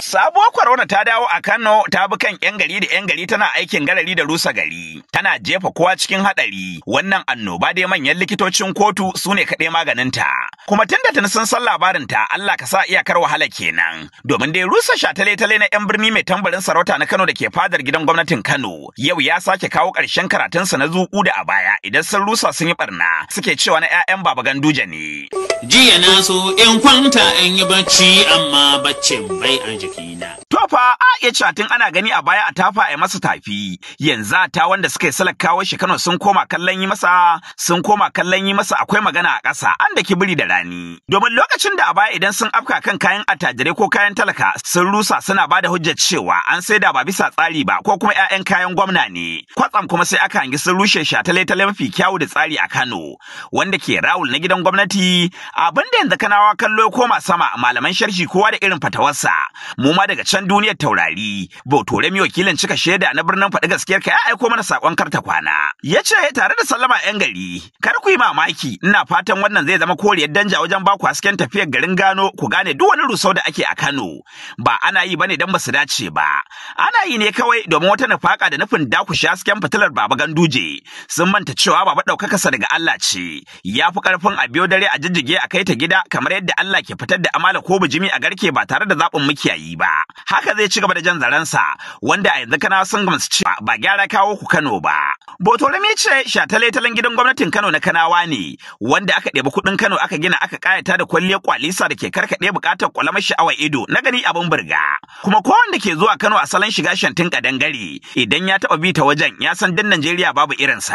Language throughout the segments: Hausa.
Sabuwar corona ta dawo a Kano ta bi kan 'yan gari da 'yan gari tana aikin garari da rusa gari. Tana jefa kowa cikin haɗari. Wannan annoba dai manyan likitocin kotu su ne kaɗai maganinta. kuma tun da tuni sun san labarinta Allah ka sa iyakar wahala kenan domin dai rusa shatale-tale na yan birni mai tambarin sarauta na Kano da ke fadar gidan gwamnatin Kano yau ya sake kawo ƙarshen sa na zuku da a baya idan sun rusa sun yi barna suke cewa na 'ya'yan baba ganduje ne. Jiya na so in kwanta in yi bacci amma baccin bai a jikina. Tofa iya cewa tun ana gani a baya a tafa a masa tafi yanzu a ta wanda suka yi salakawa shi Kano sun koma kallon yi masa sun koma kallon yi masa akwai magana a ƙasa an da kibiri da rani domin lokacin da a baya idan sun afka kan kayan attajirai ko kayan talaka sun rusa suna ba da hujjar cewa an sai da ba bisa tsari ba ko kuma 'ya'yan kayan gwamna ne kwatsam kuma sai aka hangi sun rushe shataletale mafi kyawu da tsari a Kano wanda ke rawul na gidan gwamnati abin da yanzu kanawa kallo koma sama malaman sharhi kowa da irin fatawarsa mu ma daga can duniyar taurari Shagari, Botoremi wakilan cika shaida na birnin faɗi gaskiyar ka ya aiko mana sakon karta kwana. Ya ce eh, tare da sallama 'yan gari, kar ku yi mamaki, ina fatan wannan zai zama koriyar danja wajen baku hasken tafiyar garin Gano ku gane duk wani rusau da ake a Kano. Ba ana yi bane dan basu dace ba. Ana yi ne kawai domin wata nafaka da nufin sha hasken fitilar Baba Ganduje. Sun manta cewa Baba sa daga Allah ce, ya fi ƙarfin a biyo dare a jijjige a kai ta gida kamar yadda Allah ke fitar da amala ko bijimi a garke ba tare da zaɓin makiyayi ba. Haka zai ci gaba da jan zarensa wanda a yanzu kana sun gamsu cewa ba gyara kawo ku Kano ba. Botolum ce shataletalen gidan gwamnatin Kano na Kanawa ne wanda aka ɗebi kuɗin Kano aka gina aka ƙayata da kwalliyar kwalisa da ke karkaɗe buƙatar ƙwalamar sha'awar ido na gani abin burga. kuma ko wanda ke zuwa Kano a salon shiga shantin kadangare idan ya taba bi ta wajen ya san dan Najeriya babu irin sa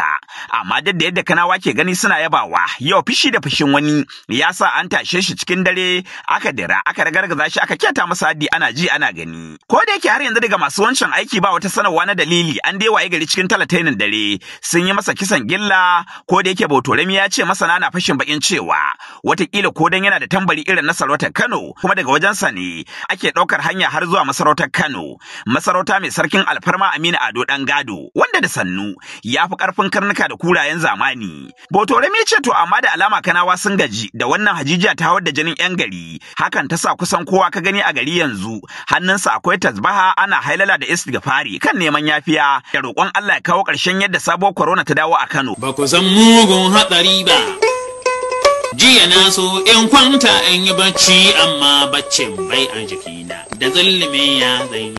amma duk da yadda kanawa ke gani suna yabawa yau fishi da fishin wani ya sa an tashe shi cikin dare aka dira aka ragargaza shi aka kyata masa haddi ana ji ana gani ko da yake har yanzu daga masu wancan aiki ba wata sanarwa na dalili an dai waye gari cikin talatainin dare sun yi masa kisan gilla ko da yake Bautoremi ya ce masana na fashin bakin cewa watakila ko dan yana da tambari irin na Salwatar Kano kuma daga wajen sa ne ake daukar hanya har har zuwa masarautar Kano, masarauta mai sarkin alfarma Aminu Ado dan gado, wanda da sannu ya fi ƙarfin karnuka da kurayen zamani. Botore me ce to amma da alama kanawa sun gaji da wannan hajijiya ta hawar da jinin yan gari, hakan ta sa kusan kowa ka gani a gari yanzu, hannunsa akwai tasbaha ana hailala da istighfari kan neman yafiya da roƙon Allah ya kawo ƙarshen yadda sabuwar corona ta dawo a Kano. Ba ku san mugun hatsari ba. jiya na so in kwanta in yi bacci amma baccin bai a jikina da zulmi ya zai